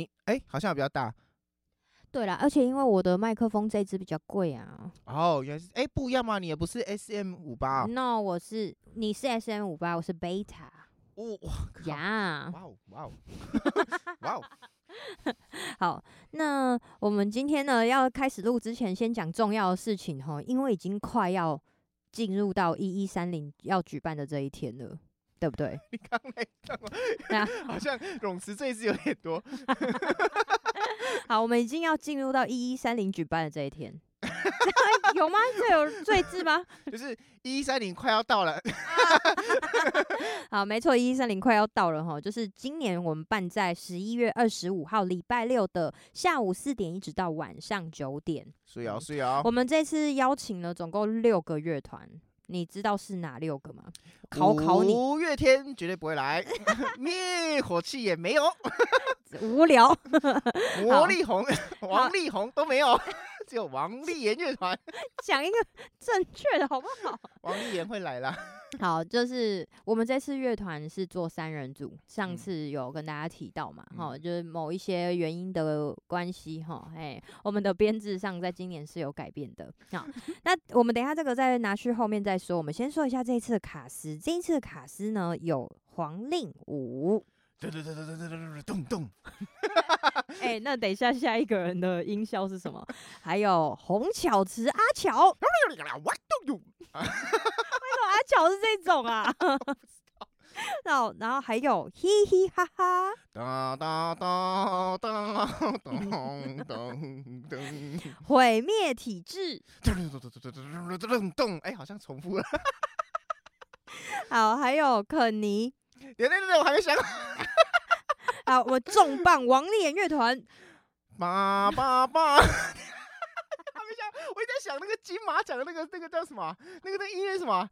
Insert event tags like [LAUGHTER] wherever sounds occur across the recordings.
你，哎、欸，好像比較大。對啦，而且因為我的麥克風這支比較貴啊。哦，原來是哎，不一樣嘛，你也不是 SM S M 五八？No，我是，你是 S M 五八，我是 Beta。哇、oh, 靠！呀 Yeah！哇哦哇哦！哇哦！好，那我們今天呢，要開始錄之前，先講重要的事情哈，因為已經快要進入到一一三零要舉辦的這一天了。對不對？好像冗詞贅字有點多。 [LAUGHS] [LAUGHS] 好，我們已經要進入到一一三零舉辦的這一天。 [LAUGHS] [LAUGHS] 有嗎？最有贅字嗎？就是一一三零快要到了。好，沒錯，一一三零快要到了哈，就是今年我們辦在十一月二十五號禮拜六的下午四點一直到晚上九點。嗯，水哦水哦、我們這次邀請了總共六個樂團，你知道是哪六個嗎？考考你，五月天絕對不會來，滅 [LAUGHS] 火器也沒有， [LAUGHS] 無聊，王 [LAUGHS] 力宏、好王力宏都沒有，好 [LAUGHS] 只有王立言樂團，講 [LAUGHS] 一個正確的好不好？王立言會來啦。好，就是我們這次樂團是做三人組，上次有跟大家提到嘛，好、嗯，就是某一些原因的關係，哈，哎，我們的編制上在今年是有改變的，好，那我們等一下這個再拿去後面再說，我們先說一下這一次的卡司這一次的卡司呢，有黃令武，咚咚，哎，那等一下下一個人的音效是什麼？還有洪巧池阿喬，哎，為什麼阿喬是這種啊？然後，然後還有嘻嘻哈哈，咚咚咚咚咚咚咚，毀滅體質，咚咚咚咚，哎，好像重複了。好，還有肯尼，等等等，我還沒想 [LAUGHS] 好。我重磅王立言樂團，爸爸爸， [LAUGHS] 還沒想，我一直在想那個金馬獎的那個那個叫什麼，那個那個音樂什麼，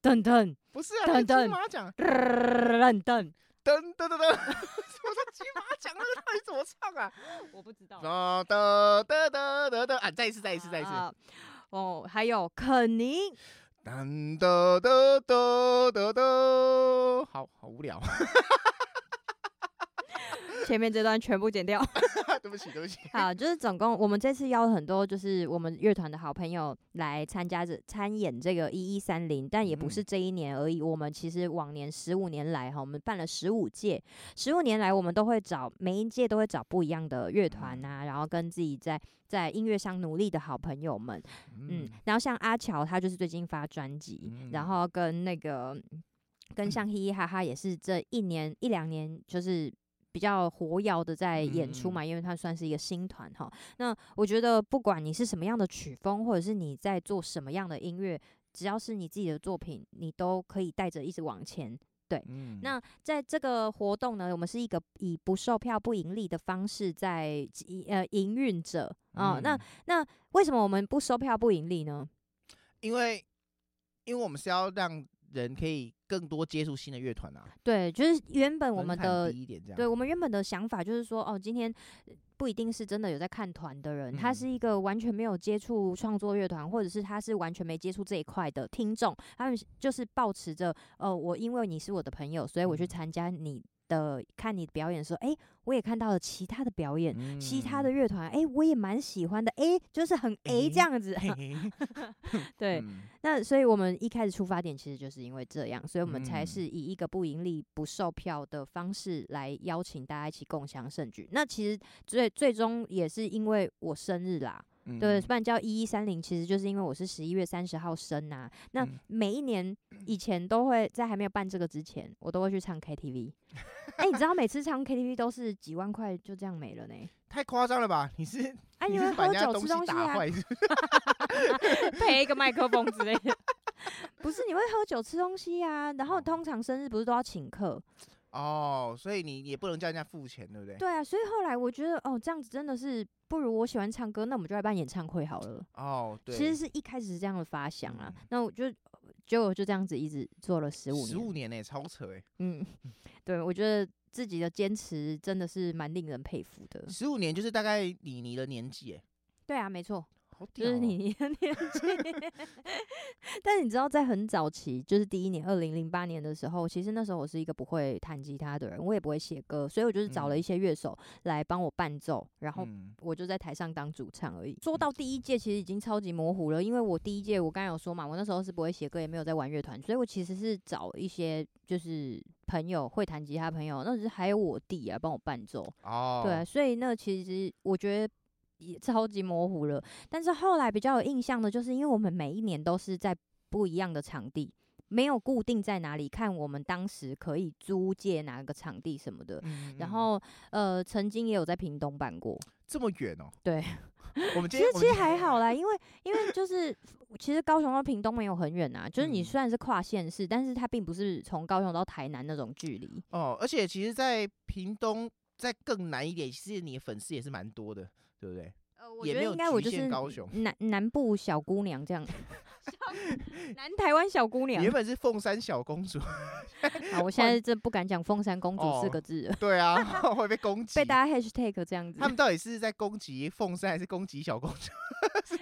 等等。不是，噔噔，啊、噔噔金馬獎，噔等噔噔噔噔噔噔，噔噔噔 [LAUGHS] 我說金馬獎？那個到底怎麼唱啊？我不知道。噔噔噔噔噔噔，啊，再一次，再一次，再一次。啊、哦，還有肯尼。得得得得得，好好無聊。 [LAUGHS] [LAUGHS] 前面這段全部剪掉，對不起，對不起。好，就是總共我們這次邀了很多，就是我們樂團的好朋友來參加這參演這個一一三零，但也不是這一年而已。嗯、我們其實往年十五年來哈，我們辦了十五屆，十五年來我們都會找每一屆都會找不一樣的樂團吶，嗯、然後跟自己在在音樂上努力的好朋友們，嗯，然後像阿喬他就是最近發專輯，嗯、然後跟那個跟像嘻嘻哈哈也是這一年一兩年就是。比較活躍的在演出嘛，嗯、因為它算是一個新團哈。那我覺得，不管你是什麼樣的曲風，或者是你在做什麼樣的音樂，只要是你自己的作品，你都可以帶着一直往前。對，嗯、那在這個活動呢，我們是一個以不售票不盈利的方式在呃營運着啊。那那為什麼我們不售票不盈利呢？因為因為我們是要讓。人可以更多接觸新的樂團啊！對，就是原本我們的，對，我們原本的想法就是說，哦，今天不一定是真的有在看團的人，嗯、他是一個完全沒有接觸創作樂團，或者是他是完全沒接觸這一塊的聽眾，他們就是抱持著，哦、呃，我因為你是我的朋友，所以我去參加你。嗯的看你表演說，哎、欸，我也看到了其他的表演，嗯、其他的樂團，哎、欸，我也蠻喜歡的，哎、欸，就是很哎這樣子，對，嗯、那所以我們一開始出發點其實就是因為這樣，所以我們才是以一個不盈利、不售票的方式來邀請大家一起共享盛舉。那其實最最終也是因為我生日啦，嗯、對，不然叫一一三零，其實就是因為我是十一月三十號生啊。那每一年以前都會在還沒有辦這個之前，我都會去唱 KTV、嗯。 [LAUGHS] 哎，欸，你知道每次唱 K T V 都是幾萬塊就這樣沒了呢，欸？太誇張了吧！你是哎，你會喝酒吃東西打壞，配一個麥克風之類的。不是，你會喝酒吃東西呀？然後通常生日不是都要請客？哦，所以你也不能叫人家付錢，對不對？對啊，所以後來我覺得，哦，這樣子真的是不如我喜歡唱歌，那我們就來辦演唱會好了。哦，對，其實是一開始是這樣的發想啊。那我就。就就這樣子一直做了十五年，十五年欸，超扯欸。嗯，對，我覺得自己的堅持真的是蠻令人佩服的。十五年就是大概你你的年紀欸，對啊，沒錯。哦、就是你年紀， [LAUGHS] [LAUGHS] 但你知道在很早期，就是第一年，二零零八年的時候，其實那時候我是一個不會彈吉他的人，我也不會寫歌，所以我就是找了一些樂手來幫我伴奏，然後我就在台上當主唱而已。說到第一屆，其實已經超級模糊了，因為我第一屆我剛才有說嘛，我那時候是不會寫歌，也沒有在玩樂團，所以我其實是找一些就是朋友會彈吉他朋友，那只是還有我弟啊幫我伴奏。對、啊，所以那其實我覺得。也超級模糊了，但是後來比較有印象的，就是因為我們每一年都是在不一樣的場地，沒有固定在哪裡看，我們當時可以租借哪個場地什麼的，嗯、然後呃，曾經也有在屏東辦過。這麼遠哦、喔？對，我們今天 [LAUGHS] 其實其實還好啦，因為因為就是 [LAUGHS] 其實高雄到屏東沒有很遠啊，就是你雖然是跨縣市，但是它並不是從高雄到台南那種距離哦。而且其實，在屏東再更南一點，其實你的粉絲也是蠻多的。對不對？呃，我覺得應該我就是南部高雄南，南部小姑娘這樣， [LAUGHS] 南台灣小姑娘， [LAUGHS] 原本是鳳山小公主。啊 [LAUGHS] ，我現在真不敢講“鳳山公主”四個字、哦，對啊，會被攻擊， [LAUGHS] 被大家 hashtag 這樣子。他們到底是在攻擊鳳山，還是攻擊小公主？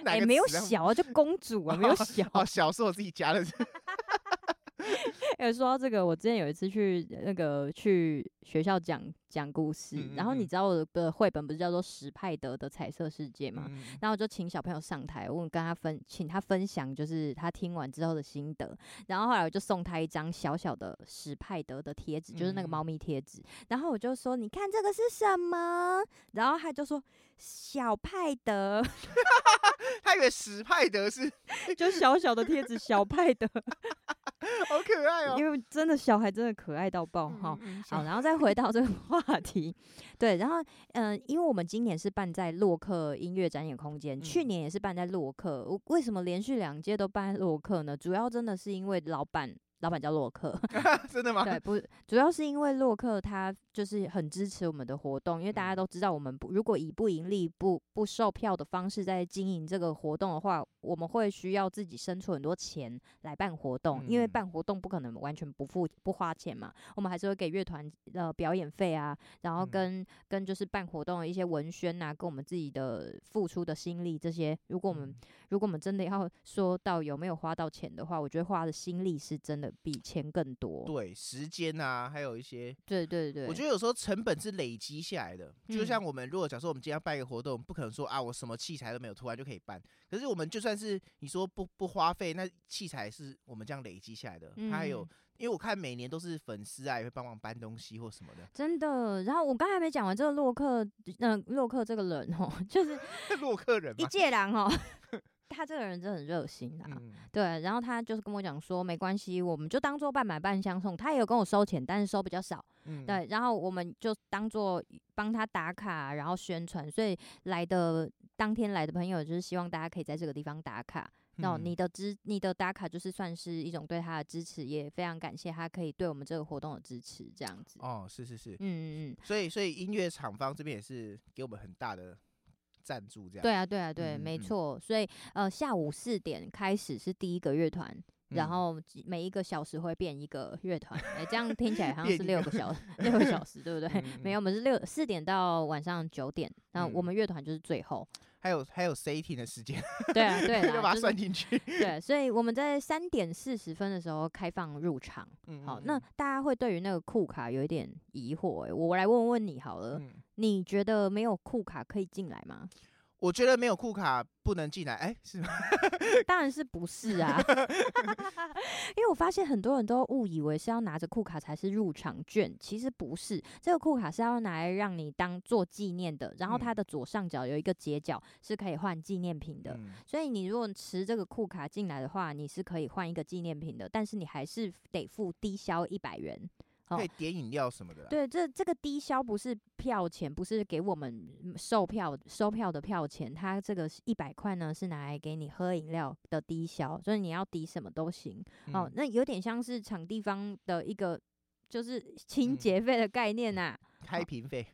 哎 [LAUGHS] 欸，沒有小啊，就公主啊，哦、沒有小、哦。小是我自己加的。哎 [LAUGHS] [LAUGHS] 說到這個，我之前有一次去那個去。學校講講故事，嗯嗯嗯，然後你知道我的繪本不是叫做史派德的彩色世界嗎？嗯嗯，然後我就請小朋友上台，我跟他分，請他分享，就是他聽完之後的心得。然後後來我就送他一張小小的史派德的貼紙，就是那個貓咪貼紙。嗯嗯，然後我就說：“你看這個是什麼？”然後他就說：“小派德。”他以為史派德是就小小的貼紙，小派德，好可愛哦、喔！因為真的小孩真的可愛到爆哈。嗯、好，然後再。回到這個話題，對，然後嗯、呃，因為我們今年是辦在洛克音樂展演空間，嗯、去年也是辦在洛克，我為什麼連續兩屆都辦在洛克呢？主要真的是因為老闆。老闆叫洛克， [LAUGHS] 真的嗎？對，不，主要是因為洛克他就是很支持我們的活動，因為大家都知道我們不，如果以不盈利、不不售票的方式在經營這個活動的話，我們會需要自己生出很多錢來辦活動，嗯、因為辦活動不可能完全不付不花錢嘛。我們還是會給樂團的表演費啊，然後跟、嗯、跟就是辦活動的一些文宣吶、啊，跟我們自己的付出的心力這些。如果我們、嗯、如果我們真的要說到有沒有花到錢的話，我覺得花的心力是真的。比錢更多，對時間啊，還有一些，對對對，我覺得有時候成本是累積下來的。嗯、就像我們如果假設我們今天要辦一個活動，不可能說啊，我什麼器材都沒有，突然就可以辦。可是我們就算是你說不不花費，那器材是我們這樣累積下來的。嗯、還有，因為我看每年都是粉絲啊也會幫忙搬東西或什麼的，真的。然後我剛才沒講完這個洛克，嗯、呃，洛克這個人哦，就是 [LAUGHS] 洛克人一介人哦。 [LAUGHS] 他這個人真的很熱心啊，嗯、對，然後他就是跟我講說，沒關係，我們就當做半買半相送。他也有跟我收錢，但是收比較少，嗯、對，然後我們就當做幫他打卡，然後宣傳。所以來的當天來的朋友，就是希望大家可以在這個地方打卡。那、嗯、你的支，你的打卡就是算是一種對他的支持，也非常感謝他可以對我們這個活動的支持，這樣子。哦，是是是，嗯嗯嗯，所以所以音樂廠方這邊也是給我們很大的。贊助這樣，對啊對啊對，嗯、沒錯，嗯、所以呃下午四點開始是第一個樂團，嗯、然後每一個小時會變一個樂團，嗯、誒，這樣聽起來好像是六個小時 [LAUGHS] 六個小時 [LAUGHS] 對不對？嗯、沒有，我們是六四點到晚上九點，那我們樂團就是最後。嗯還有還有 setting 的時間，對啊，對啊， [LAUGHS] 就把它算進去、就是。對、啊，所以我們在三點四十分的時候開放入場。 [LAUGHS] 好，那大家會對於那個酷卡有一點疑惑、欸，我來問,問問你好了，嗯、你覺得沒有酷卡可以進來嗎？我覺得沒有庫卡不能進來，哎、欸，是嗎？ [LAUGHS] 當然是不是啊？ [LAUGHS] 因為我發現很多人都誤以為是要拿着庫卡才是入場券，其實不是。這個庫卡是要拿來讓你當做紀念的，然後它的左上角有一個截角是可以換紀念品的。嗯、所以你如果持這個庫卡進來的話，你是可以換一個紀念品的，但是你還是得付低消一百元。哦、可以點飲料什麼的、啊。對，這這個低消不是票錢，不是給我們售票收票的票錢，他這個一百塊呢是拿來給你喝飲料的低消，所、就、以、是、你要抵什麼都行。嗯、哦，那有點像是場地方的一個就是清潔費的概念吶、啊嗯，開瓶費。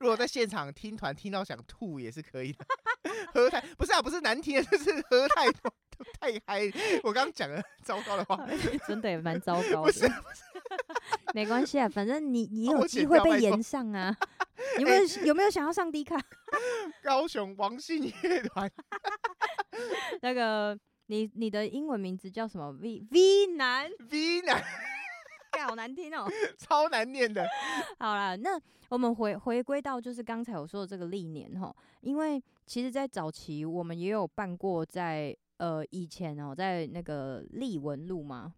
如果在現場聽團聽到想吐也是可以的， [LAUGHS] 喝太不是啊，不是難聽的，就是喝太多 [LAUGHS] 太嗨。我剛剛講了糟糕的話， [LAUGHS] 真的也蠻糟糕的。不是不是沒關係啊，反正你你有機會被延上啊。哦、你們有沒有想要上 D 卡？ [LAUGHS] 高雄王信樂團。 [LAUGHS] [LAUGHS] 那個，你你的英文名字叫什麼？V V 男。V 男南， [LAUGHS] [LAUGHS] 好難聽哦、喔， [LAUGHS] 超難念的。好啦，那我們回回歸到就是剛才我說的這個歷年哈，因為其實，在早期我們也有辦過在呃以前哦，在那個立文路嘛。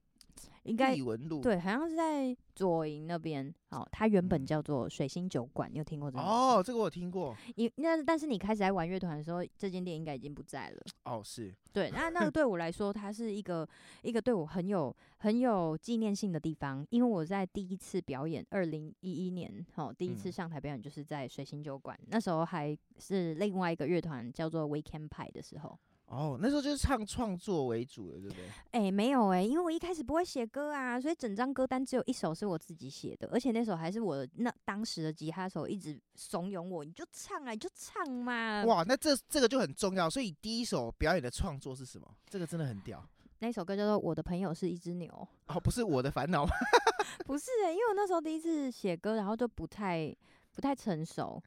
應該對，好像是在左營那邊。哦。它原本叫做水星酒館，你有聽過這個嗎？哦，這個我有聽過。你那但是你開始在玩樂團的時候，這間店應該已經不在了。哦，是。對，那那個對我來說， [LAUGHS] 它是一個一個對我很有很有紀念性的地方，因為我在第一次表演，二零一一年，哦，第一次上台表演就是在水星酒館，嗯。那時候還是另外一個樂團叫做 Weekend Pie 的時候。哦，那時候就是唱創作為主的，對不對？欸，沒有欸，因為我一開始不會寫歌啊，所以整張歌單只有一首是我自己寫的，而且那首還是我那當時的吉他手一直慫恿我，你就唱啊，你就唱嘛。哇，那這這個就很重要。所以第一首表演的創作是什麼？這個真的很屌。那首歌叫做《我的朋友是一只牛》哦，不是《我的煩惱》嗎 [LAUGHS] ？不是欸，因為我那時候第一次寫歌，然後就不太不太成熟。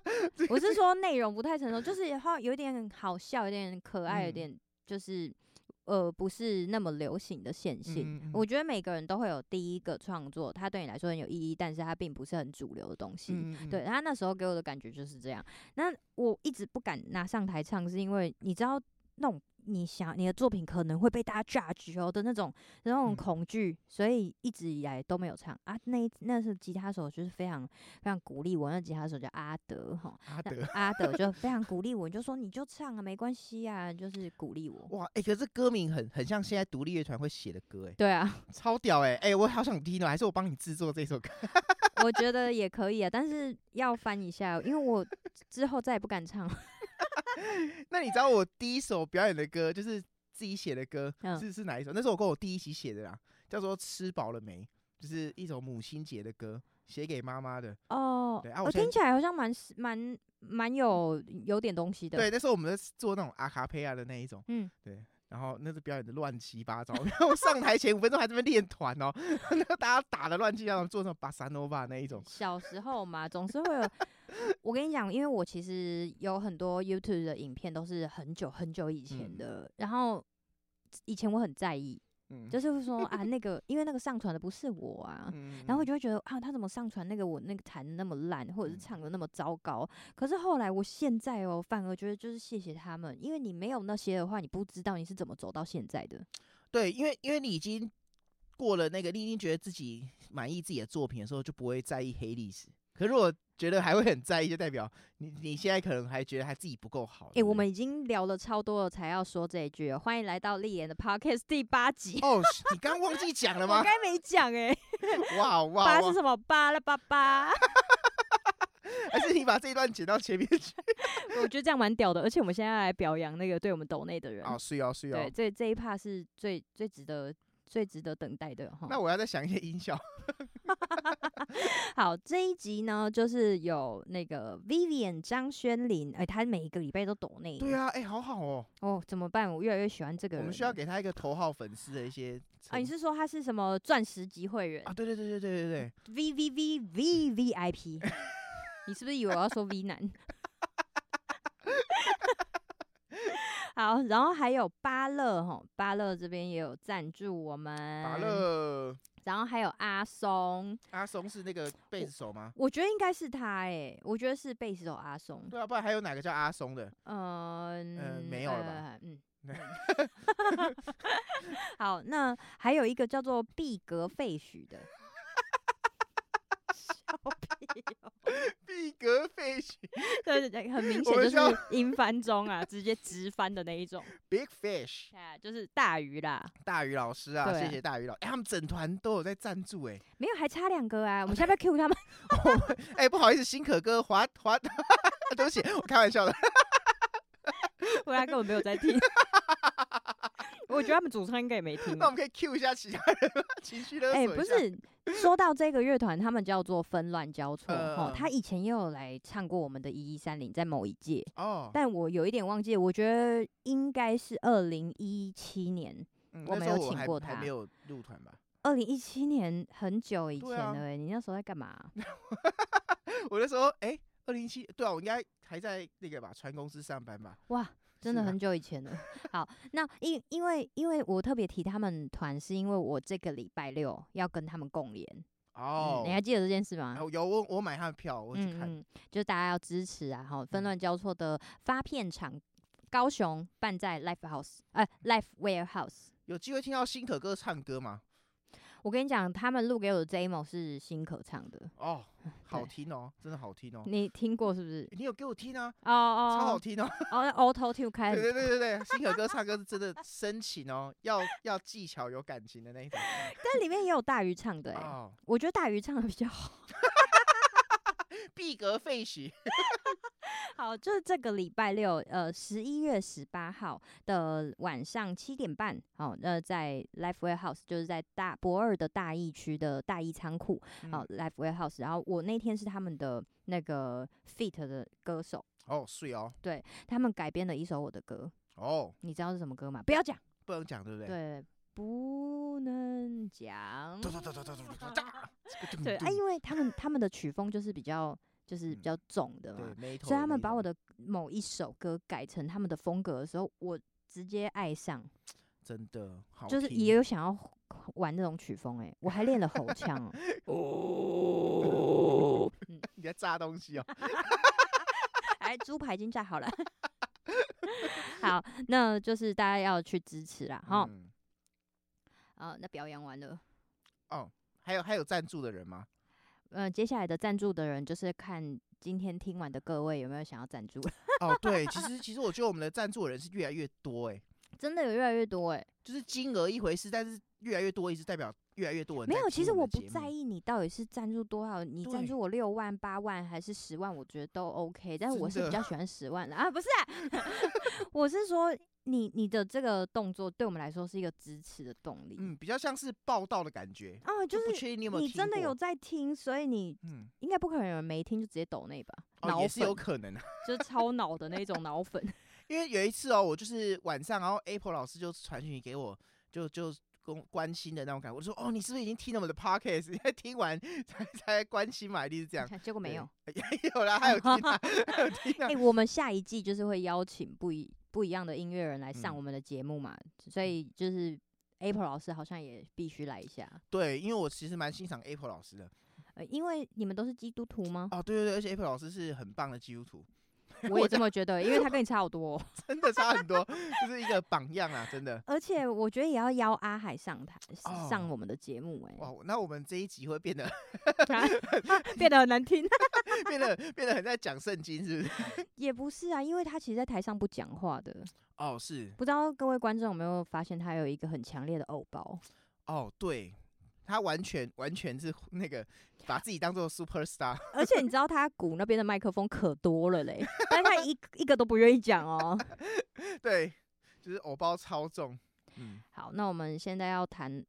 [LAUGHS] 我是說內容不太成熟，就是好像有點好笑，有點可愛，有點就是呃不是那麼流行的線性。嗯嗯嗯，我覺得每個人都會有第一個創作，它對你來說很有意義，但是它並不是很主流的東西。嗯嗯嗯，對，它那時候給我的感覺就是這樣。那我一直不敢拿上台唱，是因為你知道那種。你想你的作品可能會被大家 judge 哦的那種那種恐懼，嗯、所以一直以來都沒有唱啊。那那是吉他手就是非常非常鼓勵我，那吉他手叫阿德哈，阿德阿德就非常鼓勵我， [LAUGHS] 就說你就唱啊，沒關係啊，就是鼓勵我。哇，哎、欸，覺得這歌名很很像現在獨立樂團會寫的歌，欸，哎。對啊，超屌哎、欸、哎、欸，我好想聽哦。還是我幫你制作這首歌？ [LAUGHS] 我覺得也可以啊，但是要翻一下，因為我之後再也不敢唱 [LAUGHS] 那你知道我第一首表演的歌就是自己寫的歌、嗯、是是哪一首？那是我跟我弟一起寫的啦，叫做《吃飽了沒》，就是一首母親節的歌，寫給媽媽的。哦，對啊，我聽起來好像蠻蠻蠻有有點東西的。對，那時候我們是做那種阿卡佩亞的那一種，嗯，對。然後那是表演的亂七八糟，然後、嗯、 [LAUGHS] 上台前五分鐘還在這邊練團哦，那 [LAUGHS] [LAUGHS] 大家打的亂七八糟，做那種巴薩諾瓦那一種。小時候嘛，總是會有。 [LAUGHS] [LAUGHS] 我跟你講，因為我其實有很多 YouTube 的影片都是很久很久以前的，嗯、然後以前我很在意，嗯、就是會說啊，那個因為那個上傳的不是我啊，嗯、然後就會覺得啊，他怎麼上傳那個我那個彈的那麼爛，或者是唱的那麼糟糕？嗯、可是後來我現在哦、喔，反而覺得就是謝謝他們，因為你沒有那些的話，你不知道你是怎麼走到現在的。對，因為因為你已經過了那個，你已經覺得自己滿意自己的作品的時候，就不會在意黑歷史。可是如果覺得還會很在意，就代表你你現在可能還覺得還自己不夠好。哎、欸，我們已經聊了超多了，才要說這一句。歡迎來到立言的 podcast 第八集。哦，oh, [LAUGHS] 你剛忘記講了嗎？我應該沒講哎、欸。哇哇 Wow, wow, 八是什麼八了八八？ [LAUGHS] [LAUGHS] 還是你把這一段剪到前面去？ [LAUGHS] 我覺得這樣蠻屌的。而且我們現在要來表揚那個對我們抖內的人、oh, 哦，是哦是哦。對，這一這一趴是最最值得。最值得等待的。那我要再想一些音效。 [LAUGHS] [LAUGHS] 好，這一集呢，就是有那個 Vivian 張軒玲，哎、欸，他每一個禮拜都抖內。對啊，哎、欸，好好哦。哦，怎麼辦？我越來越喜歡這個人。我們需要給他一個頭號粉絲的一些。啊，你是說他是什麼鑽石級會員啊？對對對對對對對。V V V V V I P， [LAUGHS] 你是不是以為我要說 V 男？ [LAUGHS] 好，然後還有巴樂吼，巴樂這邊也有贊助我們。巴樂勒，然後還有阿松。阿松是那個貝斯手嗎？我，我覺得應該是他誒、欸，我覺得是貝斯手阿松。對啊，不然還有哪個叫阿松的？嗯、呃，呃、沒有了吧？嗯。 [LAUGHS] [LAUGHS] 好，那還有一個叫做畢格費許的。 [LAUGHS] [LAUGHS] big fish，對對對，很明顯就是英翻中啊，直接直翻的那一種。big fish，就是大魚啦，大魚老師啊，謝謝大魚老師，他們整團都有在贊助。哎，沒有，還差兩個啊，我們要不 Q 他們？哎，不好意思，新可哥滑滑，對不起，我開玩笑的，我壓根沒有在聽。我覺得他們主唱應該也沒聽，那我們可以 Q 一下其他人嗎情緒勒索哎、欸，不是，說到這個樂團，他們叫做紛亂交錯哦、呃，他以前也有來唱過我們的《一一三零》在某一屆哦，但我有一點忘記，我覺得應該是二零一七年，嗯、我沒有請過他，嗯、還沒有入團吧？二零一七年很久以前了，啊、你那時候在幹嘛？ [LAUGHS] 我那時候哎，二零一七對啊，我應該還在那個吧，船公司上班吧？哇！真的很久以前了。啊、好，那因因為因為我特別提他們團，是因為我這個禮拜六要跟他們共演哦、oh, 嗯。你還記得這件事嗎？有有，我我買他的票，我去看，嗯。就大家要支持啊！好，紛亂交錯的發片場，高雄辦在 Live House，呃 Live Warehouse。Ware 有機會聽到新可哥唱歌嗎？我跟你講，他們錄給我的、J《JMO》是新可唱的哦，oh, 好聽哦、喔，對真的好聽哦、喔。你聽過是不是、欸？你有給我聽啊？哦哦，超好聽哦、喔。哦，我頭聽不開。對對對對對，新可哥唱歌是真的深情哦、喔， [LAUGHS] 要要技巧有感情的那一種。 [LAUGHS] 但裡面也有大魚唱的、欸，oh. 我覺得大魚唱的比較好。 [LAUGHS] 必格費時，廢 [LAUGHS] [LAUGHS] 好，就是這個禮拜六，呃，十一月十八號的晚上七點半，好、哦，那在 Live Warehouse，就是在大駁二的大義區的大義倉庫，嗯、哦 Live Warehouse，然後我那天是他們的那個 Feet 的歌手，哦，是哦，對，他們改編了一首我的歌，哦，你知道是什麼歌嗎？不要講，不能講，對不對？對。不能講。 [LAUGHS] 對、哎、因為他們他們的曲風就是比較就是比較重的嘛，嗯、對，所以他們把我的某一首歌改成他們的風格的時候，我直接愛上，真的好，就是也有想要玩這種曲風哎、欸，我還練了喉腔、喔、 [LAUGHS] 哦。你在炸東西哦，哎，豬排已經炸好了。 [LAUGHS] 好，那就是大家要去支持啦，哈。嗯啊、哦，那表揚完了。哦，還有還有贊助的人嗎？嗯、呃，接下來的贊助的人就是看今天聽完的各位有沒有想要贊助。 [LAUGHS] 哦，對，其實其實我覺得我們的贊助的人是越來越多哎、欸，真的有越來越多哎、欸，就是金額一回事，但是越來越多也是代表越來越多人。沒有，其實我不在意你到底是贊助多少，你贊助我六萬、八萬還是十萬，我覺得都 OK。但是我是比較喜歡十萬的，的啊，不是、啊， [LAUGHS] [LAUGHS] 我是說。你你的這個動作對我們來說是一個支持的動力，嗯，比較像是報道的感覺啊、嗯，就是就你，有有你真的有在聽，所以你嗯，應該不可能沒聽就直接抖內吧。哦、嗯，粉也是有可能的、啊，就是超腦的那種腦粉。 [LAUGHS] 因為有一次哦，我就是晚上，然後 Apple 老師就傳訊息給我，就就關關心的那種感覺，我就說哦，你是不是已經聽了我們的 Podcast？你 [LAUGHS] 在聽完才才關心瑪麗是這樣。結果沒有，沒、嗯、 [LAUGHS] 有啦，還有聽、啊， [LAUGHS] 還有聽、啊。哎、欸，我們下一季就是會邀請不一。不一樣的音樂人來上我們的節目嘛，嗯，所以就是 April 老師好像也必須來一下。對，因為我其實蠻欣賞 April 老師的。呃，因為你們都是基督徒嗎？哦，對對對，而且 April 老師是很棒的基督徒。我也這麼覺得，因為他跟你差好多、哦，真的差很多， [LAUGHS] 就是一個榜樣啊，真的。而且我覺得也要邀阿海上台上我們的節目哎、欸哦。哇，那我們這一集會變得 [LAUGHS] 、啊、變得很難聽， [LAUGHS] 變得變得很在講聖經，是不是？也不是啊，因為他其實在台上不講話的。哦，是。不知道各位觀眾有沒有發現他有一個很強烈的偶包？哦，對。他完全完全是那個把自己當做 super star，而且你知道他鼓那邊的麥克風可多了嘞， [LAUGHS] 但他一 [LAUGHS] 一個都不願意講哦。 [LAUGHS] 對，就是偶包超重。嗯，好，那我們現在要談。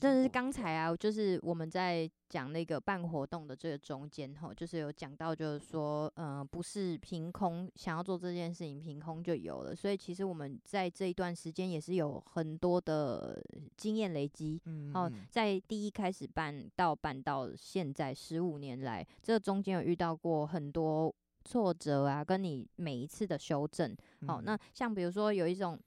但是剛才啊，就是我們在講那個辦活動的這個中間吼，就是有講到，就是說，嗯、呃，不是憑空想要做這件事情，憑空就有了。所以其實我們在這一段時間也是有很多的經驗累積。哦、嗯嗯呃，在第一開始辦到辦到現在十五年來，這個中間有遇到過很多挫折啊，跟你每一次的修正。哦、呃，那像比如說有一種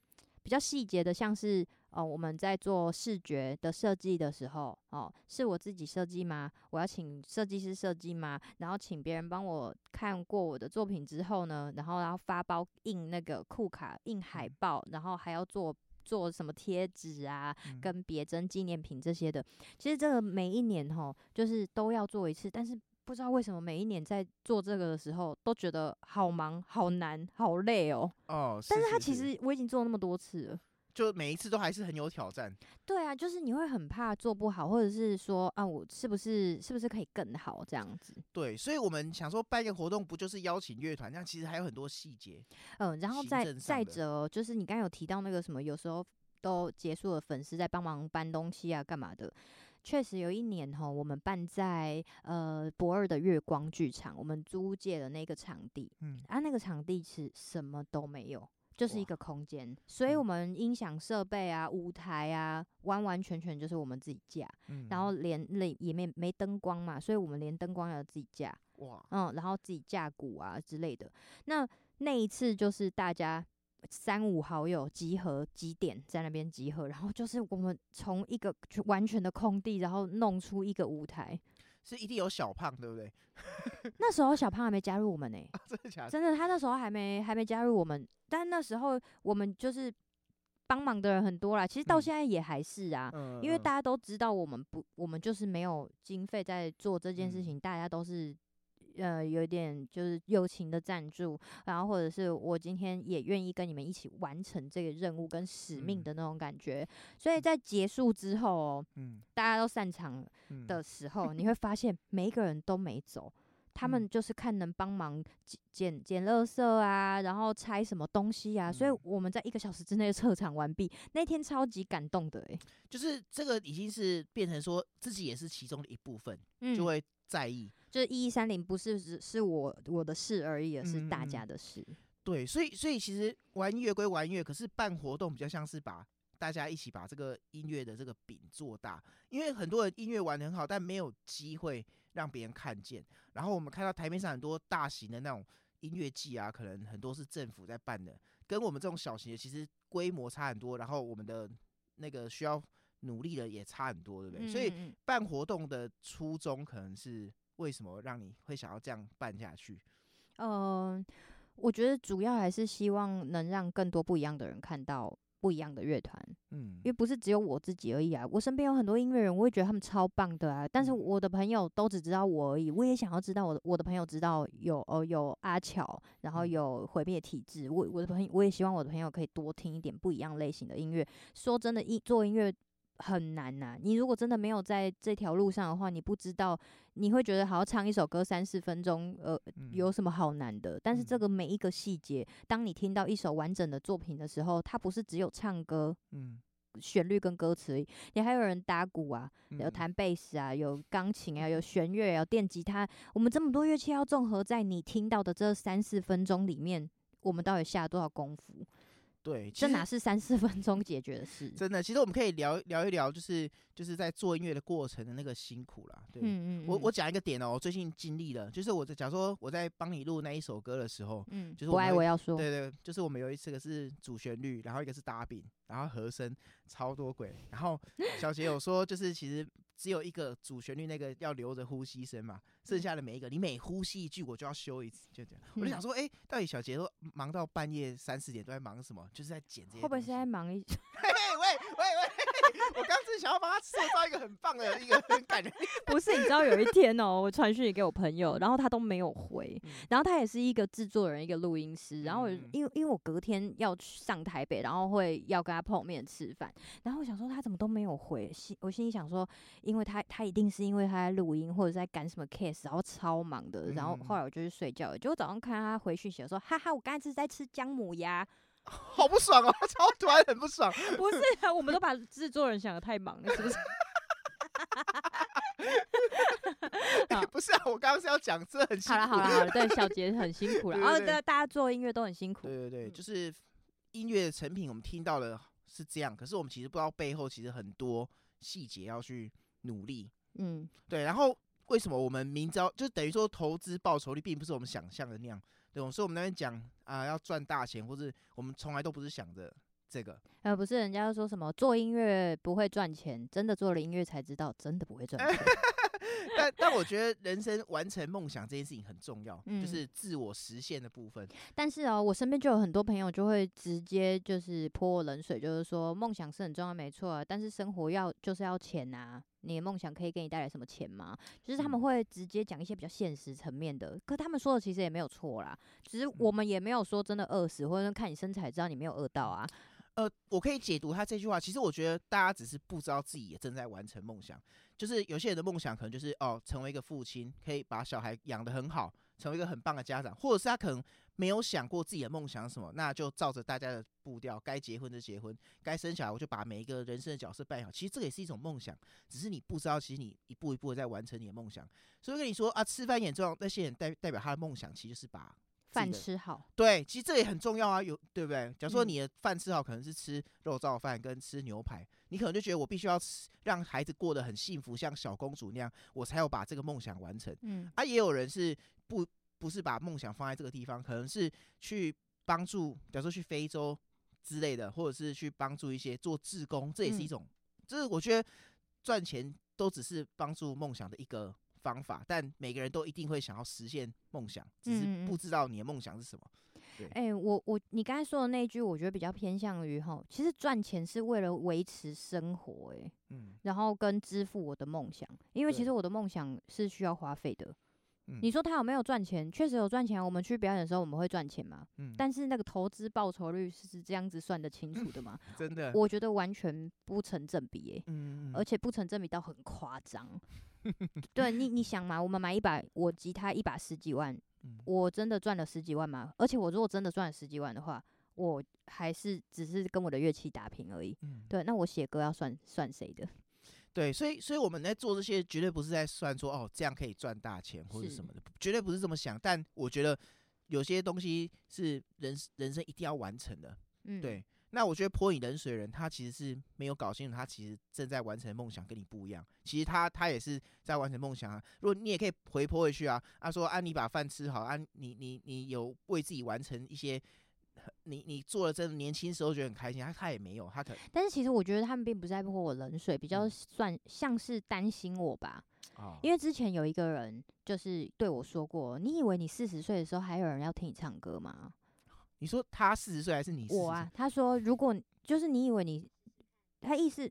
比較細節的，像是。哦，我們在做視覺的設計的時候，哦，是我自己設計嗎？我要請設計師設計嗎？然後請別人幫我看過我的作品之後呢，然後然後發包印那個酷卡印海報，嗯、然後還要做做什麼貼紙啊、嗯、跟別針紀念品這些的。其實這個每一年哈、哦，就是都要做一次，但是不知道為什麼每一年在做這個的時候都覺得好忙、好難、好累哦。哦，是是是。但是他其實我已經做了那麼多次了。就每一次都還是很有挑戰，對啊，就是你會很怕做不好，或者是說啊，我是不是是不是可以更好這樣子？對，所以我們想說辦一個活動，不就是邀請樂團？這樣其實還有很多細節。嗯，然後再再者，就是你剛有提到那個什麼，有時候都結束了，粉絲在幫忙搬東西啊，幹嘛的？確實有一年哈，我們辦在呃駁二的月光劇場，我們租借的那個場地，嗯，啊那個場地是什麼都沒有。就是一個空間，哇所以我們音響設備啊、舞台啊，完完全全就是我們自己架。嗯、然後連那也沒沒燈光嘛，所以我們連燈光也要自己架。哇嗯，然後自己架鼓啊之類的。那那一次就是大家三五好友集合幾點在那邊集合，然後就是我們從一個完全的空地，然後弄出一個舞台。是一定有小胖，對不對？ [LAUGHS] 那時候小胖還沒加入我們呢、欸啊，真的假的？真的，他那時候還沒還沒加入我們，但那時候我們就是幫忙的人很多啦。其實到現在也還是啊，嗯、嗯嗯，因為大家都知道我們不，我們就是沒有經費在做這件事情，嗯、大家都是。呃，有一點就是友情的贊助，然後或者是我今天也願意跟你們一起完成這個任務跟使命的那種感覺，嗯、所以在結束之後、哦、嗯，大家都散場的時候，嗯、你會發現每一個人都沒走，嗯、他們就是看能幫忙撿撿撿垃圾啊，然後拆什麼東西啊，嗯、所以我們在一個小時之內撤場完畢，那天超級感動的、欸、就是這個已經是變成說自己也是其中的一部分，嗯、就會在意。就是一一三零不是只是我我的事而已，而是大家的事。嗯、對，所以所以其實玩音樂歸玩音樂，可是辦活動比較像是把大家一起把這個音樂的這個餅做大。因為很多人音樂玩得很好，但沒有機會讓別人看見。然後我們看到台面上很多大型的那種音樂祭啊，可能很多是政府在辦的，跟我們這種小型的其實規模差很多，然後我們的那個需要努力的也差很多，對不對？嗯、所以辦活動的初衷可能是。為什麼讓你會想要這樣辦下去？嗯、呃，我覺得主要還是希望能讓更多不一樣的人看到不一樣的樂團，嗯，因為不是只有我自己而已啊。我身邊有很多音樂人，我也覺得他們超棒的啊。但是我的朋友都只知道我而已，我也想要知道我的我的朋友知道有哦有阿巧，然後有毀滅體質。我，我的朋友，我也希望我的朋友可以多聽一點不一樣類型的音樂。說真的，一做音樂。很難吶、啊！你如果真的沒有在這條路上的話，你不知道你會覺得，好像唱一首歌三四分鐘，呃，有什麼好難的？嗯、但是這個每一個細節，當你聽到一首完整的作品的時候，它不是只有唱歌，嗯、旋律跟歌詞，也還有人打鼓啊，有彈貝斯啊，有鋼琴啊，有弦樂、啊，有電吉他，我們這麼多樂器要綜合在你聽到的這三四分鐘裡面，我們到底下了多少功夫？對，這哪是三四分鐘解決的事？真的，其實我們可以聊聊一聊，就是就是在做音樂的過程的那個辛苦啦。對，嗯嗯嗯我我講一個點哦、喔，我最近經歷了，就是我在假如說我在幫你錄那一首歌的時候，嗯，就是我不愛我要說，對，對對，就是我們有一次，一個是主旋律，然後一個是打餅，然後和聲超多軌。然後小杰有說，就是其實只有一個主旋律，那個要留着呼吸聲嘛。剩下的每一個，你每呼吸一句，我就要修一次，就這樣，嗯、我就想說，哎、欸，到底小杰都忙到半夜三四點都在忙什麼？就是在剪這些。會不會現在忙一，嘿喂嘿喂喂，喂喂 [LAUGHS] 我剛是想要把他塑造一個很棒的一個很感人。 [LAUGHS] 不是，你知道有一天哦，我傳訊息給我朋友，然後他都沒有回。然後他也是一個製作人，一個錄音師。然後因為因為我隔天要去上台北，然後會要跟他碰面吃飯。然後我想說，他怎麼都沒有回？心我心裡想說，因為他他一定是因為他在錄音或者在趕什麼 case。然後超忙的，然後後來我就去睡覺了。嗯、結果早上看他回訊息說：“哈哈，我剛才是在吃薑母鴨，好不爽啊、哦！”超突然很不爽。 [LAUGHS] 不是啊，我們都把製作人想得太忙了，是不是？不是啊，我剛剛是要講這很辛苦好。好了好了好了，對，小杰很辛苦了，然後對大家做音樂都很辛苦。對對對，就是音樂的成品我們聽到了是這樣，可是我們其實不知道背後其實很多細節要去努力。嗯，對，然後。為什麼我們明知道，就等於說投資報酬率並不是我們想象的那樣，對嗎？所以我們那邊講啊，要賺大錢，或是我們從來都不是想着這個。呃，不是，人家說什麼做音樂不會賺錢，真的做了音樂才知道，真的不會賺錢。 [LAUGHS] 但，但我覺得人生完成夢想這件事情很重要，嗯、就是自我實現的部分。但是哦，我身邊就有很多朋友就會直接就是潑冷水，就是說夢想是很重要，沒錯，啊。但是生活要就是要錢吶，啊，你的夢想可以給你帶來什麼錢嗎？就是他們會直接講一些比較現實層面的。可他們說的其實也沒有錯啦，只是我們也沒有說真的餓死，或者看你身材知道你沒有餓到啊。呃，我可以解讀他這句話。其實我覺得大家只是不知道自己也正在完成夢想。就是有些人的夢想可能就是哦，成為一個父親，可以把小孩養得很好，成為一個很棒的家長，或者是他可能沒有想過自己的夢想什麼，那就照着大家的步調，該結婚就結婚，該生小孩，我就把每一個人生的角色扮演好。其實這也是一種夢想，只是你不知道，其實你一步一步的在完成你的夢想。所以跟你說啊，吃飯也重要。那些人代代表他的夢想，其實就是把。飯吃好，對，其實這也很重要啊，有，對不對？假如說你的飯吃好，嗯、可能是吃肉燥飯跟吃牛排，你可能就覺得我必須要吃，讓孩子過得很幸福，像小公主那樣，我才要把這個夢想完成。嗯，啊，也有人是不不是把夢想放在這個地方，可能是去幫助，假如說去非洲之類的，或者是去幫助一些做志工，這也是一種。嗯、就是我覺得賺錢都只是幫助夢想的一個方法，但每個人都一定會想要實現夢想，只是不知道你的夢想是什麼。誒、嗯對欸，我我你剛才說的那句，我覺得比較偏向於齁，其實賺錢是為了維持生活，欸，誒，嗯，然後跟支付我的夢想，因為其實我的夢想是需要花費的。嗯、你說他有沒有賺錢？確實有賺錢，啊。我們去表演的時候，我們會賺錢嗎？嗯、但是那個投資報酬率是這樣子算得清楚的嗎？真的我？我覺得完全不成正比，欸，嗯嗯，而且不成正比到很誇張。 [LAUGHS] 對你，你想嘛？我們買一把我吉他，一把十幾萬，嗯、我真的賺了十幾萬嗎？而且我如果真的賺了十幾萬的話，我還是只是跟我的樂器打平而已。嗯、對，那我寫歌要算算誰的？對，所以所以我們在做這些，絕對不是在算說哦，這樣可以賺大錢或者什麼的，是絕對不是這麼想。但我覺得有些東西是人人生一定要完成的。嗯，對。那我覺得潑你冷水的人，他其實是沒有搞清楚，他其實正在完成夢想跟你不一樣。其實他他也是在完成夢想啊。如果你也可以回潑回去啊，他、啊說：“啊，你把飯吃好，啊你，你你你有為自己完成一些。”你你做了真的年輕時候覺得很開心，他他也沒有，他可。但是其實我覺得他們並不在乎我冷水，比較算像是擔心我吧。嗯。因為之前有一個人就是對我說過：“你以為你四十歲的時候還有人要聽你唱歌嗎？”你說他四十歲還是你四十歲？我啊。他說：“如果就是你以為你，他意思。”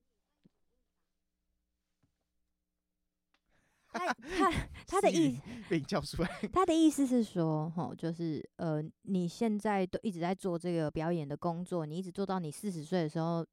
他他，是他的意思被你叫出來，他的意思是說，吼，就是呃，你現在都一直在做這個表演的工作，你一直做到你四十歲的時候，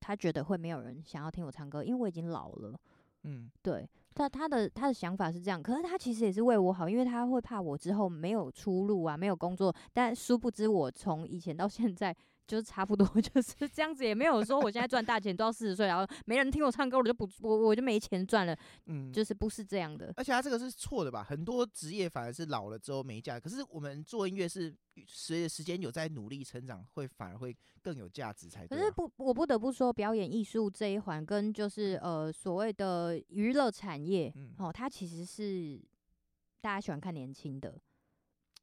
他覺得會沒有人想要聽我唱歌，因為我已經老了。嗯，對，但他的他的想法是這樣，可是他其實也是為我好，因為他會怕我之後沒有出路啊，沒有工作。但殊不知我從以前到現在。就是差不多就是這樣子，也沒有說我現在賺大錢都要，到四十歲然後沒人聽我唱歌，我就不我我就沒錢賺了。嗯，就是不是這樣的。而且他這個是錯的吧？很多職業反而是老了之後沒價，可是我們做音樂是隨着時間有在努力成長，會反而會更有價值才對啊。可是不，我不得不說，表演藝術這一環跟就是呃所謂的娛樂產業，嗯，哦，它其實是大家喜歡看年輕的。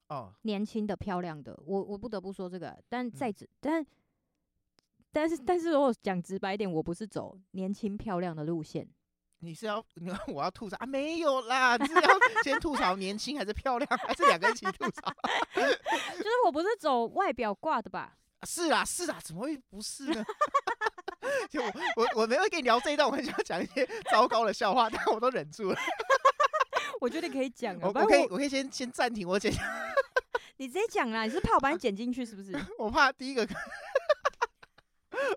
哦、年輕的、漂亮的，我我不得不說這個，但在，嗯、但但是但是，但是如果講直白一點，我不是走年輕漂亮的路線。你是要，你要我要吐槽啊？沒有啦，你是要先吐槽年輕還是漂亮， [LAUGHS] 還是兩個一起吐槽？ [LAUGHS] 就是我不是走外表掛的吧？是啊，是啊，怎麼會不是呢？ [LAUGHS] [LAUGHS] 就我我，我沒有跟你聊這一段，我還想講一些糟糕的笑話，但我都忍住了。 [LAUGHS] [LAUGHS] 我覺得可以講、啊，我可以我可以先先暫停，我先你直接講啦！你是怕我把你剪進去是不是？我怕第一個，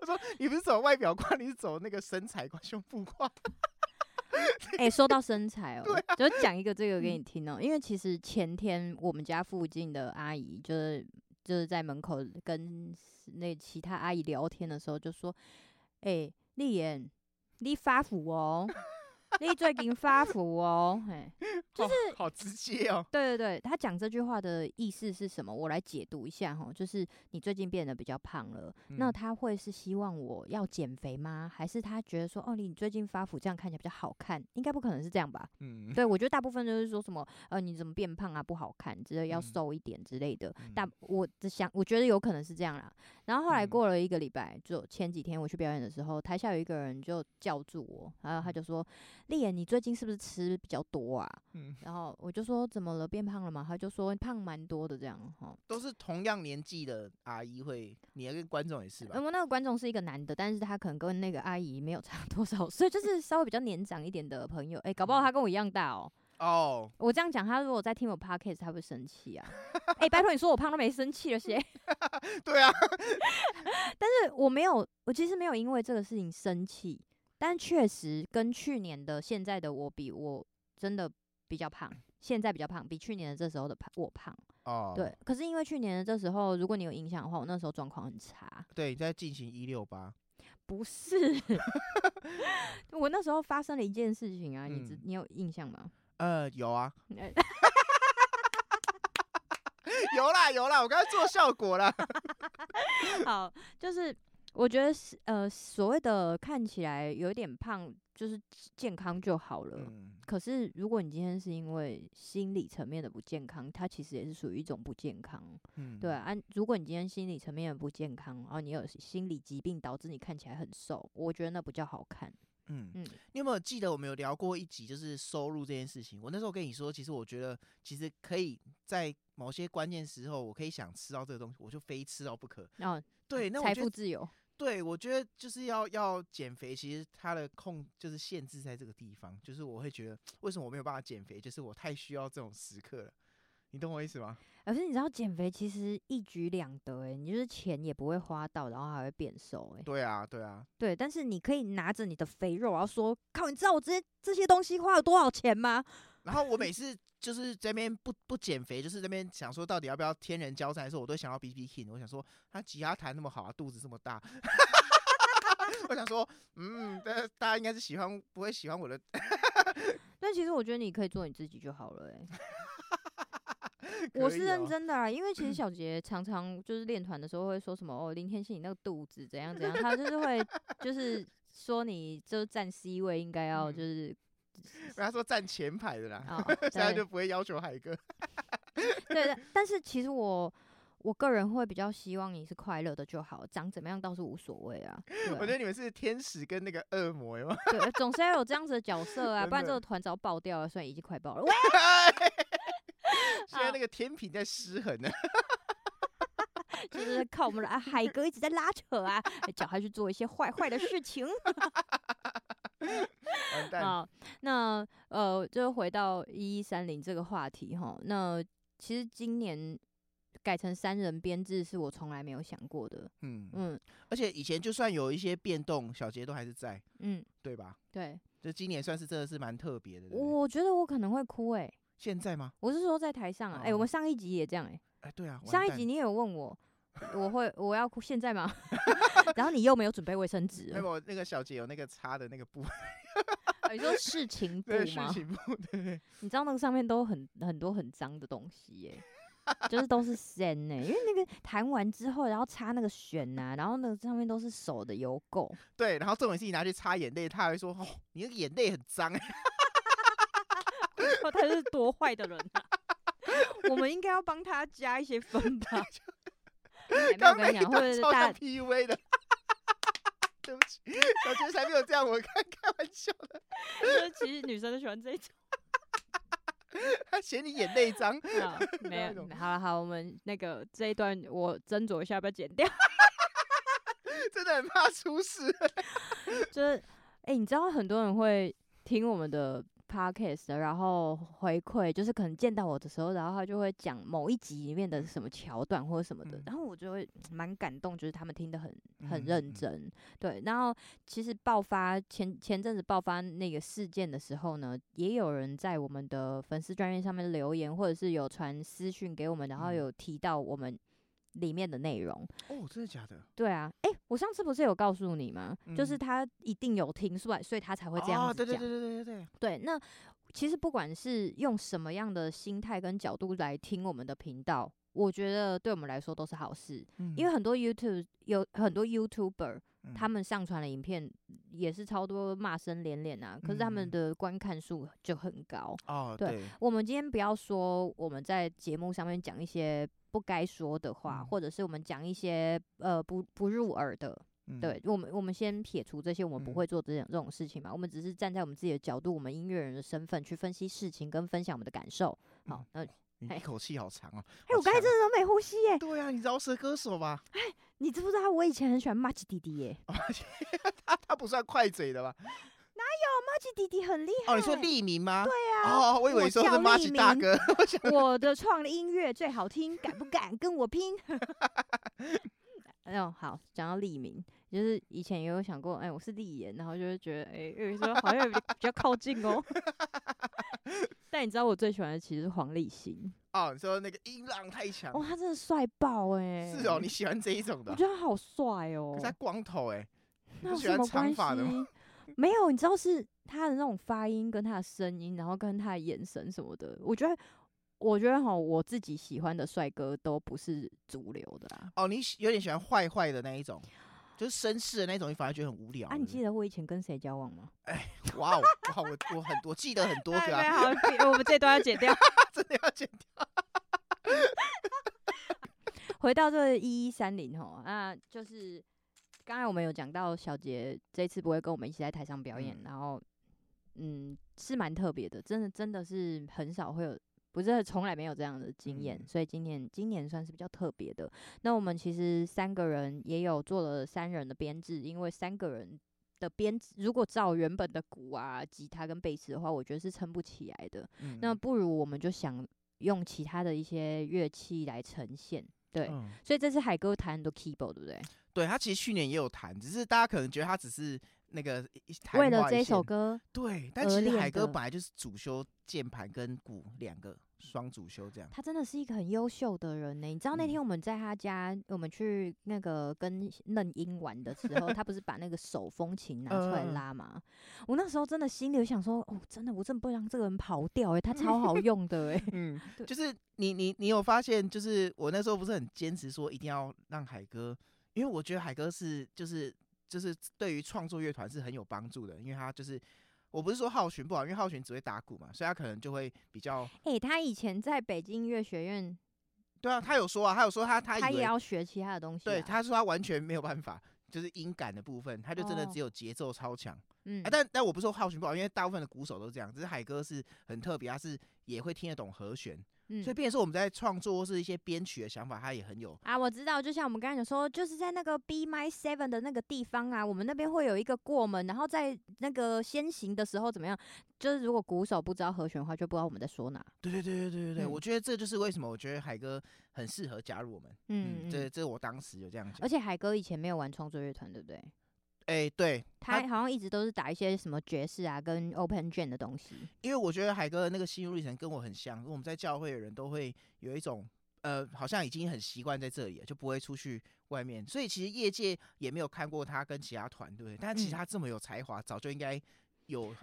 我說你不是走外表誇，你是走那個身材誇，胸部誇。哎、 [LAUGHS] 欸，說到身材哦、喔，啊、就講一個這個給你聽哦、喔。嗯、因為其實前天我們家附近的阿姨，就是就是在門口跟那其他阿姨聊天的時候，就說：“哎、欸，立言，你發福哦、喔。”你最近發福哦，嘿、 [LAUGHS] 欸，就是好，好直接哦。對對對，他講這句話的意思是什麼？我來解讀一下哈、哦，就是你最近變得比較胖了，嗯、那他會是希望我要減肥嗎？還是他覺得說，哦，你最近發福，這樣看起來比較好看，應該不可能是這樣吧？嗯，對，我覺得大部分就是說什麼，呃，你怎麼變胖啊，不好看，覺得要，要瘦一點之類的。但、嗯、我想，我覺得有可能是這樣啦。然後後來過了一個禮拜，就前幾天我去表演的時候，嗯、台下有一個人就叫住我，然後他就說。立言，你最近是不是吃比較多啊？嗯，然後我就說怎麼了，變胖了嘛？他就說胖蠻多的這樣哈。都是同樣年紀的阿姨會，你還跟觀眾也是吧？嗯，我那個觀眾是一個男的，但是他可能跟那個阿姨沒有差多少 [LAUGHS] 所以就是稍微比較年長一點的朋友。誒、欸，搞不好他跟我一樣大、喔、哦。哦。我這樣講，他如果在聽我 podcast 他會,會生氣啊。誒、 [LAUGHS] 欸，拜託你說我胖都沒生氣了些，誰？ [LAUGHS] 對啊。 [LAUGHS] 但是我沒有，我其實沒有因為這個事情生氣。但確實跟去年的現在的我比，我真的比較胖，現在比較胖，比去年的這時候的胖我胖。哦，oh. 對，可是因為去年的這時候，如果你有印象的話，我那時候狀況很差。對，你在進行一六八？不是， [LAUGHS] [LAUGHS] 我那時候發生了一件事情啊，你知、嗯、你有印象嗎？呃，有啊， [LAUGHS] [LAUGHS] 有啦有啦，我剛才做效果了。 [LAUGHS] 好，就是。我覺得是呃，所謂的看起來有點胖，就是健康就好了。嗯。可是如果你今天是因為心理層面的不健康，它其實也是屬於一種不健康。嗯。對啊，如果你今天心理層面的不健康，然後你有心理疾病導致你看起來很瘦，我覺得那不叫好看。嗯嗯。嗯，你有沒有記得我們有聊過一集，就是收入這件事情？我那時候跟你說，其實我覺得其實可以在某些關鍵時候，我可以想吃到這個東西，我就非吃到不可。啊、對嗯。對，那財富自由。對，我覺得就是要要減肥，其實它的控就是限制在這個地方，就是我會覺得為什麼我沒有辦法減肥，就是我太需要這種時刻了。你懂我意思嗎？而且你知道減肥其實一舉兩得，欸，哎，你就是錢也不會花到，然後還會變瘦，欸，哎，對啊，對啊，對，但是你可以拿着你的肥肉，然後說靠，你知道我這些這些東西花了多少錢嗎？然後我每次就是這邊不不減肥，就是這邊想說到底要不要天人交戰的時候，我都想要 BB King。我想說他吉他彈那麼好啊，肚子這麼大， [LAUGHS] 我想說，嗯，大家，大家應該是喜歡不會喜歡我的。 [LAUGHS] 但其實我覺得你可以做你自己就好了、欸，哎， [LAUGHS] 以哦、我是認真的，因為其實小杰常常就是練團的時候會說什麼哦，林天信你那個肚子怎樣怎樣， [LAUGHS] 他就是會就是說你就站 C 位應該要就是。嗯他說站前排的啦，所以他就不會要求海哥。對的，但是其實我我個人會比較希望你是快樂的就好，長怎麼樣倒是無所謂啊。啊我覺得你們是天使跟那個惡魔，對，總是要有這樣子的角色啊，的不然這個團早爆掉了，算已經快爆了。喂 [LAUGHS] 現在那個天平在失衡呢，哦、 [LAUGHS] 就是靠我們啊，海哥一直在拉扯啊，腳還 [LAUGHS] 去做一些壞壞的事情。 [LAUGHS] [LAUGHS] 完蛋。好，那呃，就回到一一三零這個話題哈。那其實今年改成三人編制是我從來沒有想過的。嗯嗯，嗯而且以前就算有一些變動，小杰都還是在，嗯，對吧？對，就今年算是真的是蠻特別的。對對我，我覺得我可能會哭哎、欸。現在嗎？我是說在台上啊。哎、哦欸，我們上一集也這樣哎、欸。哎、欸，對啊，上一集你也有問我。我會，我要哭現在嗎？ [LAUGHS] 然後你又沒有準備衛生紙，哎，我那個小姐有那個擦的那個布。 [LAUGHS] 啊、你說拭琴布嗎？拭琴布，對，對，對你知道那個上面都很很多很髒的東西耶、欸，就是都是血呢、欸，因為那個彈完之後，然後擦那個絃啊，然後那個上面都是手的油垢。對，然後這種事情拿去擦眼淚，他會說哦，你那個眼淚很髒哎、欸， [LAUGHS] [LAUGHS] 他就是多壞的人啊！ [LAUGHS] 我們應該要幫他加一些分吧。剛被他包大 PUA 的， [LAUGHS] 對不起，我覺得才沒有這樣，我開開玩笑的。 [LAUGHS] 其實女生都喜歡這一張， [LAUGHS] [LAUGHS] 他嫌你眼淚髒，沒有。好了好，我們那個這一段我斟酌一下要不要剪掉， [LAUGHS] [LAUGHS] 真的很怕出事、欸。 [LAUGHS] 就是，哎、欸，你知道很多人會聽我們的。Podcast 的然後回饋，就是可能見到我的時候，然後他就會講某一集裡面的什麼橋段或者什麼的，嗯、然後我就會蠻感動，就是他們聽得很很認真，嗯嗯、對。然後其實爆發前前陣子爆發那個事件的時候呢，也有人在我們的粉絲專頁上面留言，或者是有傳私訊給我們，然後有提到我們。嗯裡面的內容哦，真的假的？對啊，誒、欸，我上次不是有告訴你嗎？嗯、就是他一定有聽出來，所以所以他才會這樣子講、哦。對對對對對對對，那其實不管是用什麼樣的心態跟角度來聽我們的頻道，我覺得對我們來說都是好事，嗯、因為很多 YouTube 有很多 YouTuber。他們上傳的影片也是超多罵聲連連吶、啊，可是他們的觀看數就很高、嗯、對，哦、對，我們今天不要說我們在節目上面講一些不該說的話，嗯、或者是我們講一些呃不不入耳的。嗯、對，我們我們先撇除這些，我們不會做這這種事情嘛。嗯、我們只是站在我們自己的角度，我們音樂人的身份去分析事情跟分享我們的感受。好，那、嗯、後一口氣好長哦、啊。哎嘿，強我剛才真的都沒呼吸耶、欸。對啊，你饒舌歌手吧？哎。你知不知道我以前很喜歡麻吉弟弟耶、欸哦？他他不算快嘴的吧？哪有，麻吉弟弟很厲害、欸？哦，你說立民嗎？對呀、啊。哦，我以為你說是麻吉大哥。我， [LAUGHS] 我的創的音樂最好聽，敢不敢跟我拼？哎呦，好，講到立民，就是以前也有想過，哎、欸，我是立言，然後就是覺得，哎、欸，有時候好像比較靠近哦。 [LAUGHS] 但你知道我最喜歡的其實是黃立行。哦，你說那個音浪太強。哇、哦，他真的帥爆哎、欸！是哦，你喜歡這一種的。我覺得他好帥哦、喔。可是他光頭哎、欸，你 [LAUGHS] 喜歡長髮的嗎？沒有，你知道是他的那種發音，跟他的聲音，然後跟他的眼神什麼的。我覺得，我覺得哈，我自己喜歡的帥哥都不是主流的啦。哦，你有點喜歡壞壞的那一種。就是紳士的那種，你反而覺得很無聊。啊，你記得我以前跟誰交往嗎？哎、欸，哇、wow, 哦、wow,，哇，我我很多， [LAUGHS] 記得很多。對啊，我們這段要剪掉，真的要剪掉。 [LAUGHS] 回到這一一三零哦，那、啊、就是剛才我們有講到，小傑這次不會跟我們一起在台上表演，嗯、然後嗯，是蠻特別的，真的真的是很少會有。不是從來沒有這樣的經驗，嗯、所以今年今年算是比較特別的。那我們其實三個人也有做了三人的編制，因為三個人的編制如果照原本的鼓啊、吉他跟貝斯的話，我覺得是撐不起來的。嗯、那不如我們就想用其他的一些樂器來呈現。對，嗯、所以這次海哥彈很多 keyboard，對不對？對，他其實去年也有彈，只是大家可能覺得他只是那個為了這首歌。對，但其實海哥本來就是主修鍵盤跟鼓兩個。雙主修這樣，他真的是一個很優秀的人呢、欸。你知道那天我們在他家，嗯、我們去那個跟嫩英玩的時候，他不是把那個手風琴拿出來拉嗎？嗯、我那時候真的心裡有想說，哦，真的，我真的不讓這個人跑掉哎、欸，他超好用的哎、欸。嗯，對就是你你你有發現，就是我那時候不是很堅持說一定要讓海哥，因為我覺得海哥是就是就是對於創作樂團是很有幫助的，因為他就是。我不是說浩群不好，因為浩群只會打鼓嘛，所以他可能就會比較……誒、欸，他以前在北京音樂學院，對啊，他有說啊，他有說他他，他也要學其他的東西、啊，對，他說他完全沒有辦法，就是音感的部分，他就真的只有節奏超強、哦，嗯，欸、但但我不是說浩群不好，因為大部分的鼓手都是這樣，只是海哥是很特別，他是也會聽得懂和弦。所以，變成說我們在創作或是一些編曲的想法，它也很有、嗯、啊。我知道，就像我們剛才有說，就是在那個《Be My Seven》的那個地方啊，我們那邊會有一個過門，然後在那個先行的時候怎麼樣？就是如果鼓手不知道和弦的話，就不知道我們在說哪。對對對對對對、對、嗯、我覺得這就是為什麼我覺得海哥很適合加入我們。嗯，嗯嗯對這這個、我當時有這樣想。而且海哥以前沒有玩創作樂團，對不對？哎、欸，對，他、他好像一直都是打一些什麼爵士啊，跟 Open Gen 的東西。因為我覺得海哥的那個心路歷程跟我很像，我們在教會的人都會有一種，呃，好像已經很習慣在這裡了，就不會出去外面。所以其實業界也沒有看過他跟其他團隊，但其實他這麼有才華，早就應該。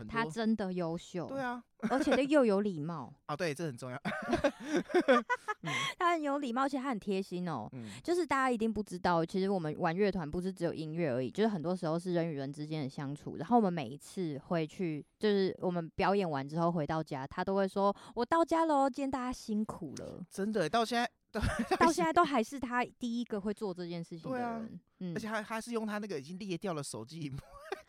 他真的優秀，對啊， [LAUGHS] 而且又又有禮貌啊，對，這很重要。 [LAUGHS] [LAUGHS] 嗯、他很有禮貌，而且他很貼心哦。嗯、就是大家一定不知道，其實我們玩樂團不是只有音樂而已，就是很多時候是人與人之間的相處。然後我們每一次回去，就是我們表演完之後回到家，他都會說：“我到家嘍，今天大家辛苦了。”真的，到現在，到，到現在都還是他第一個會做這件事情的人。對啊，嗯，而且他還是用他那個已經裂掉了手機。 [LAUGHS]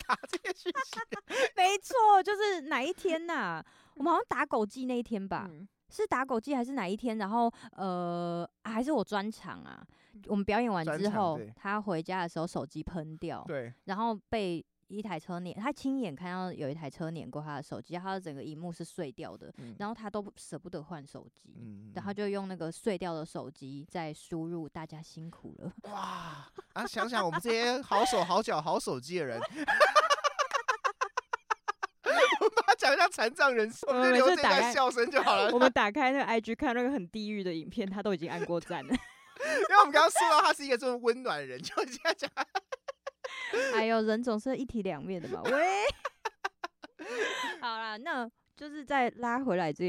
打這個劇情 [LAUGHS] 沒錯，就是哪一天吶、啊？ [LAUGHS] 我們好像打狗記那一天吧？嗯、是打狗記還是哪一天？然後呃、啊，還是我專場啊？我們表演完之後，他回家的時候手機噴掉，對，然後被。一台車碾，他親眼看到有一台車碾過他的手機，他的整個螢幕是碎掉的，然後他都捨不得換手機，嗯、然後他就用那個碎掉的手機在輸入“大家辛苦了”，哇。哇啊！想想我們這些好手好腳好手機的人， [LAUGHS] [LAUGHS] 我們把它講一下殘障人， [LAUGHS] 我們留這個笑聲就好了。我們打開那個 IG 看那個很地獄的影片，他都已經按過贊了， [LAUGHS] 因為我們剛剛說到他是一個這麼溫暖的人，就這樣講。哎呦，人總是一體兩面的嘛。喂， [LAUGHS] 好啦，那就是再拉回來這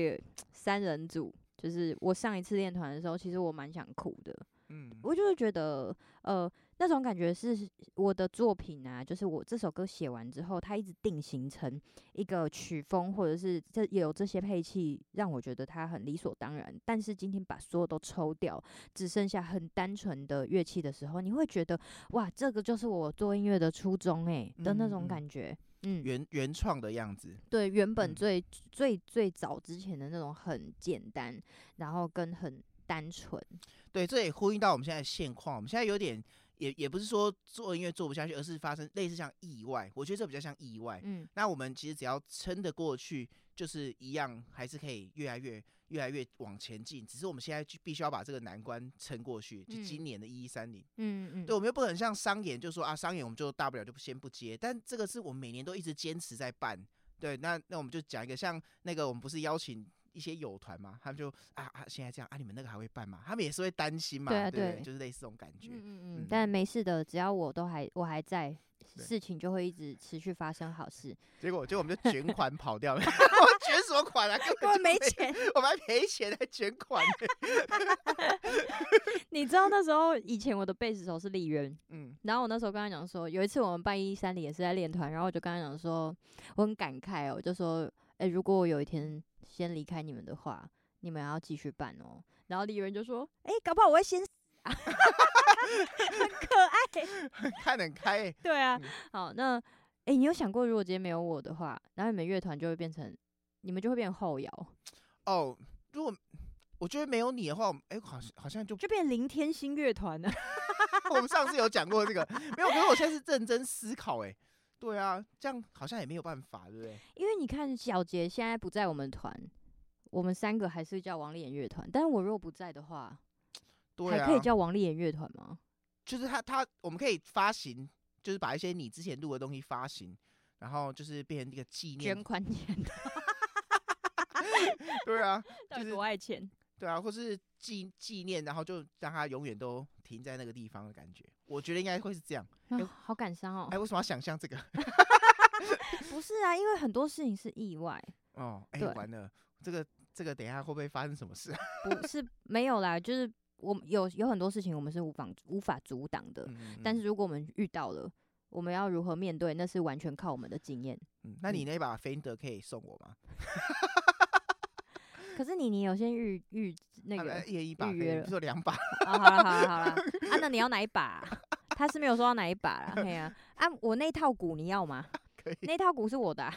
三人組，就是我上一次練團的時候，其實我蠻想哭的。嗯，我就是覺得，呃，那種感覺是我的作品啊，就是我這首歌寫完之後，它一直定型成一個曲風，或者是這有這些配器，讓我覺得它很理所當然。但是今天把所有都抽掉，只剩下很單純的樂器的時候，你會覺得，哇，這個就是我做音樂的初衷，欸，誒的那種感覺，嗯，嗯嗯原原創的樣子，對，原本最，嗯，最最早之前的那種很簡單，然後跟很單純，對，這也呼應到我們現在的現況。我們現在有點，也也不是說做音樂做不下去，而是發生類似像意外。我覺得這比較像意外。嗯，那我們其實只要撐得過去，就是一樣，還是可以越來越、越來越往前進。只是我們現在就必須要把這個難關撐過去。嗯，就今年的一一三零，嗯，嗯，對，我們又不能像商演，就說啊，商演我們就大不了就先不接。但這個是我們每年都一直堅持在辦。對，那那我們就講一個像那個，我們不是邀請。一些友團嘛，他們就啊啊，現在這樣啊，你們那個還會辦嗎？他們也是會擔心嘛，對，啊、對，對，對對，就是類似這種感覺。嗯，嗯嗯，嗯但沒事的，只要我都還我還在，事情就會一直持續發生好事。對結果結果我們就捲款跑掉了，捲 [LAUGHS] [LAUGHS] 什麼款啊？根本 [LAUGHS] 我們沒錢， [LAUGHS] 我們還賠錢來捲款。 [LAUGHS] [LAUGHS] 你知道那時候以前我的貝斯手是利人嗯，然後我那時候跟他講說，有一次我們辦一三里也是在練團，然後我就跟他講說，我很感慨哦、喔，我就說，哎、欸，如果我有一天。先離開你們的話，你們要繼續辦哦、喔。然後李元就說：“哎、欸，搞不好我會先死、啊， [LAUGHS] 很可愛， [LAUGHS] 看得很開、欸。”對啊，嗯、好，那哎、欸，你有想過，如果今天沒有我的話，然後你們樂團就會變成，你們就會變後搖。哦，如果我覺得沒有你的話，哎、欸，好像好像就就變成林天星樂團了。 [LAUGHS] [LAUGHS] 我們上次有講過這個，沒有？可是我現在是認真思考、欸，哎。對啊，這樣好像也沒有辦法，對不對？因為你看小杰現在不在我們團，我們三個還是叫王立言樂團。但是我若不在的話，對啊，還可以叫王立言樂團嗎？就是他他，我們可以發行，就是把一些你之前錄的東西發行，然後就是變成一個紀念捐款錢， [LAUGHS] [LAUGHS] 對啊， [LAUGHS] 就是我愛錢，對啊，或是紀紀念，然後就讓他永遠都停在那個地方的感覺，我覺得應該會是這樣，欸哦、好感傷哦。哎、欸，為什麼要想象這個？ [LAUGHS] [LAUGHS] 不是啊，因為很多事情是意外。哦，哎、欸，對完了，這個這個，等一下會不會發生什麼事、啊？不是，沒有啦，就是我們有有很多事情我們是無法無法阻擋的。嗯嗯嗯，但是如果我們遇到了，我們要如何面對？那是完全靠我們的經驗、嗯。那你那把 Fender 可以送我嗎？ [LAUGHS] 可是你，你有先預預那個預約了，你兩把，好了好了好了，那你要哪一把？他是沒有說到哪一把啊，啊，我那套鼓，你要嗎？那套鼓是我的。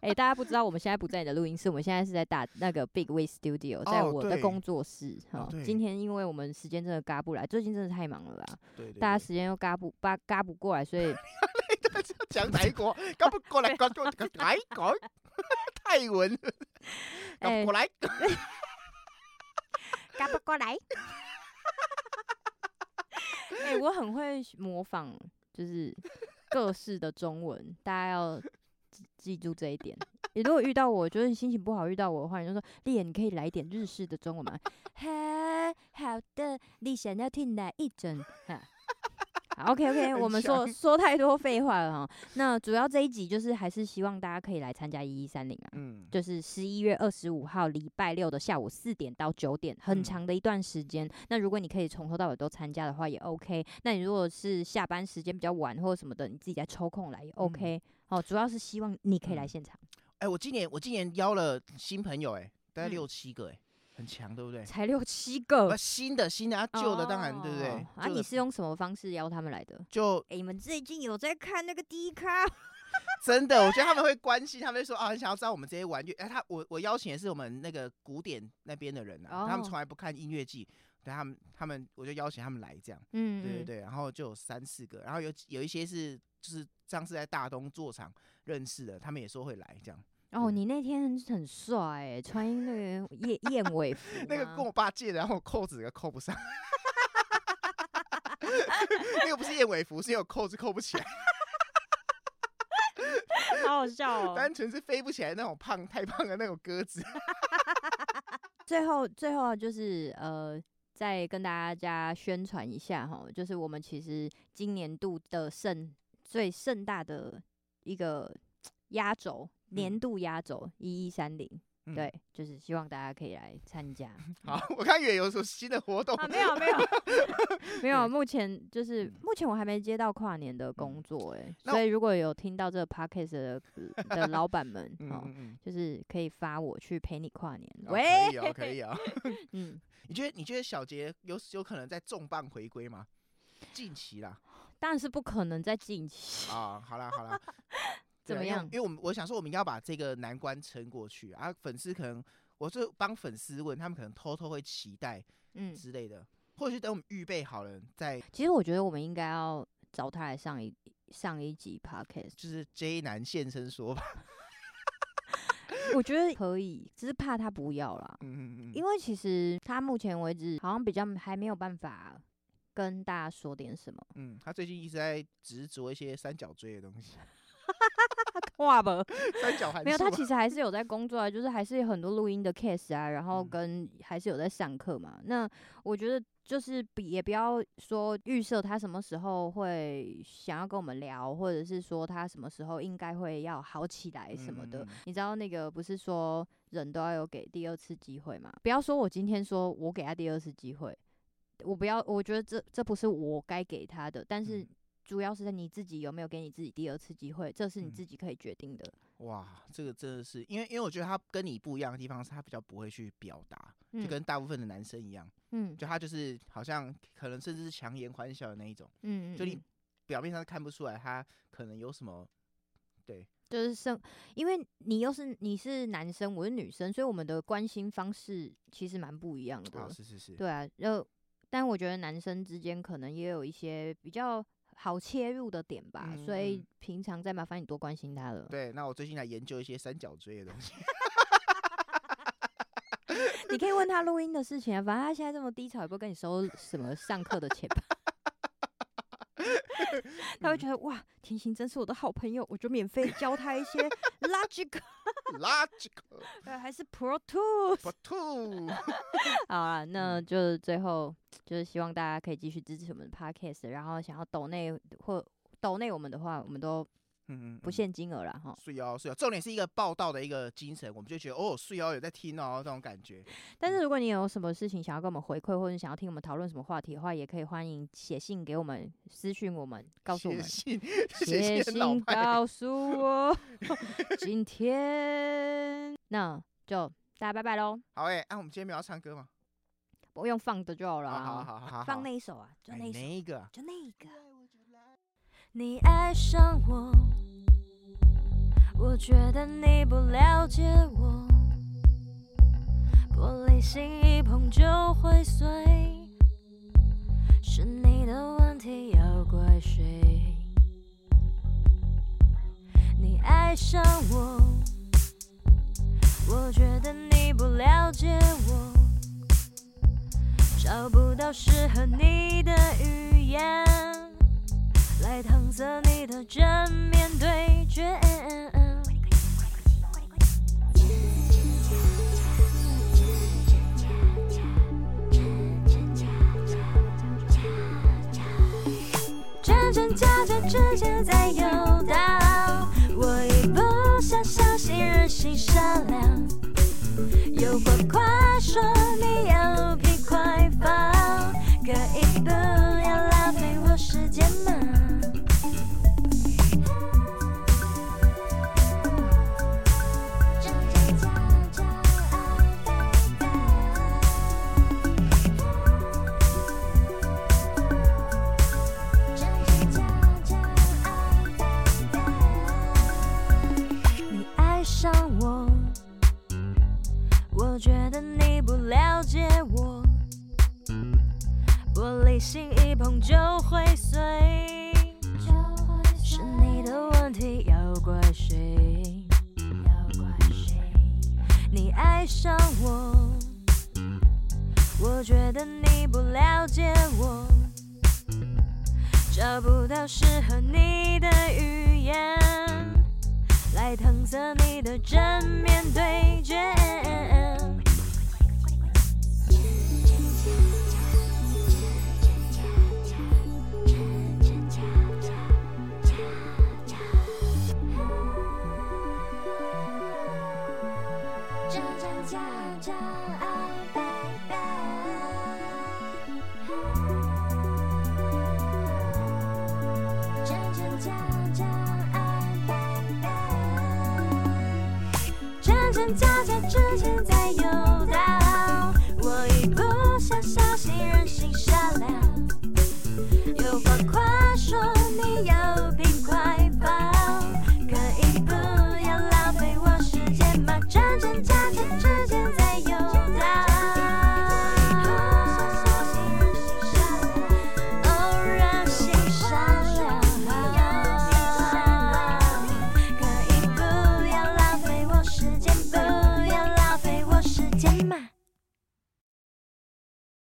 哎，大家不知道，我們現在不在你的錄音室，我們現在是在打那個 Big Wave Studio，在我的工作室。今天因為我們時間真的趕不來，最近真的太忙了吧。大家時間又趕不，趕不過來，所以。泰文，夠、欸、不來，夠 [LAUGHS] 不過來。哎、欸，我很會模仿，就是各式的中文， [LAUGHS] 大家要記住這一點。你如果遇到我，就是心情不好遇到我的話，你就說莉莉你可以來點日式的中文。好 [LAUGHS] 好的，你想要聽哪一種？哈好，OK OK， [LAUGHS] 強我們說說太多廢話了哈。那主要這一集就是還是希望大家可以來參加一一三零啊，嗯，就是十一月二十五號禮拜六的下午四點到九點，很長的一段時間。嗯、那如果你可以從頭到尾都參加的話也 OK。那你如果是下班時間比較晚或者什麼的，你自己再抽空來也 OK、嗯。哦，主要是希望你可以來現場。哎、嗯欸，我今年我今年邀了新朋友誒、欸，大概六七個誒、欸。嗯很強，對不對？才六七個，新的新的啊，舊的、哦、當然，對不對？哦、啊，你是用什麼方式邀他們來的？就、欸、你們最近有在看那個迪卡？ [LAUGHS] 真的，我覺得他們會關心，他們就說啊，想要知道我們這些玩具。哎、啊，他我我邀請也是我們那個古典那邊的人啊，哦、他們從來不看音樂劇，對他們他們我就邀請他們來這樣，嗯，對對對，然後就有三四個，然後有有一些是就是上次在大東座場認識的，他們也說會來這樣。哦，你那天很帥哎，穿那個燕燕尾服。 [LAUGHS] 那個跟我爸借的，然後扣子，也扣不上， [LAUGHS] [LAUGHS] [LAUGHS] 那個不是燕尾服，是有扣子扣不起來， [LAUGHS] [LAUGHS] 好好笑哦，單純是飛不起來那種胖，太胖的那種鴿子 [LAUGHS] [LAUGHS] 最後，最後啊就是呃，再跟大家、家宣傳一下哈，就是我們其實今年度的盛最盛大的一個壓軸，年度壓軸一一三零，對，就是希望大家可以來參加。好，我看也有什麼新的活動？沒有沒有沒有，目前就是目前我還沒接到跨年的工作哎，所以如果有聽到這個 podcast 的的老闆們，嗯就是可以發我去陪你跨年，可以可以啊，嗯，你覺得你覺得小杰有有可能在重磅回歸嗎？近期啦，但是不可能在近期啊，好啦好啦。啊、怎麼樣？因為我們我想說，我們應該要把這個難關撐過去啊！啊粉絲可能我就幫粉絲問，他們可能偷偷會期待，嗯之類的，嗯、或者是等我們預備好了再。其實我覺得我們應該要找他來上一上一集 podcast，就是 J 男現身說法。 [LAUGHS] 我覺得可以，只是怕他不要了。嗯嗯嗯。因為其實他目前為止好像比較還沒有辦法跟大家說點什麼。嗯，他最近一直在執着一些三角錐的東西。哈，畫了 [LAUGHS] 不見 三角形。 [LAUGHS] 沒有，他其實還是有在工作啊，就是還是有很多錄音的 case 啊，然後跟還是有在上課嘛。那我覺得就是比也不要說預設他什麼時候會想要跟我們聊，或者是說他什麼時候應該會要好起來什麼的。嗯嗯嗯，你知道那個不是說人都要有給第二次機會嗎？不要說我今天說我給他第二次機會，我不要，我覺得這這不是我該給他的，但是。嗯主要是在你自己有沒有給你自己第二次機會，這是你自己可以決定的。嗯、哇，這個真的是因為，因為我覺得他跟你不一樣的地方是他比較不會去表達，嗯、就跟大部分的男生一樣，嗯，就他就是好像可能甚至是強顏歡笑的那一種，嗯，嗯，嗯，就你表面上看不出來他可能有什麼，對，就是生，因為你又是你是男生，我是女生，所以我們的關心方式其實蠻不一樣的，啊、哦，是是是，對啊，然後但我覺得男生之間可能也有一些比較。好切入的點吧，嗯，所以平常再麻煩你多關心他了。對，那我最近來研究一些三角錐的東西。 [LAUGHS] [LAUGHS] 你可以問他錄音的事情啊，反正他現在這麼低潮，也不會跟你收什麼上課的錢吧。 [LAUGHS] [LAUGHS] 他會覺得、嗯、哇，甜心真是我的好朋友，我就免費教他一些 Logical 呃，還是 Pro Tools，Pro Tools， [LAUGHS] [LAUGHS] 好啊，那就最後就是希望大家可以繼續支持我們的 podcast，然後想要斗內或斗內我們的話，我們都。嗯嗯嗯，不限金額了哈。水哦水哦，重點是一個報道的一個精神，我們就覺得哦，水哦也在聽哦，這種感覺。但是如果你有什麼事情想要跟我們回饋，或者想要聽我們討論什麼話題的話，也可以歡迎寫信給我們，私訊我們，告訴我們。寫信，寫信，信告訴我。今天， [LAUGHS] [LAUGHS] 那就大家拜拜嘍。好誒、欸，那、啊、我們今天沒有要唱歌嗎？不用放的就好了、啊。好好，好好好。放那一首啊，就那一，首那一個，就那一個。你愛我覺得你不了解我，玻璃心一碰就會碎。是你的問題，要怪誰？你愛上我，我覺得你不了解我，找不到適合你的語言，來搪塞你的正面對決。時間在遊蕩，我已不想相信人心善良。有話快說，你要。心一碰就會碎，會碎是你的問題，要怪誰？要怪誰？你愛上我，我覺得你不了解我，找不到適合你的語言來搪塞你的正面對決。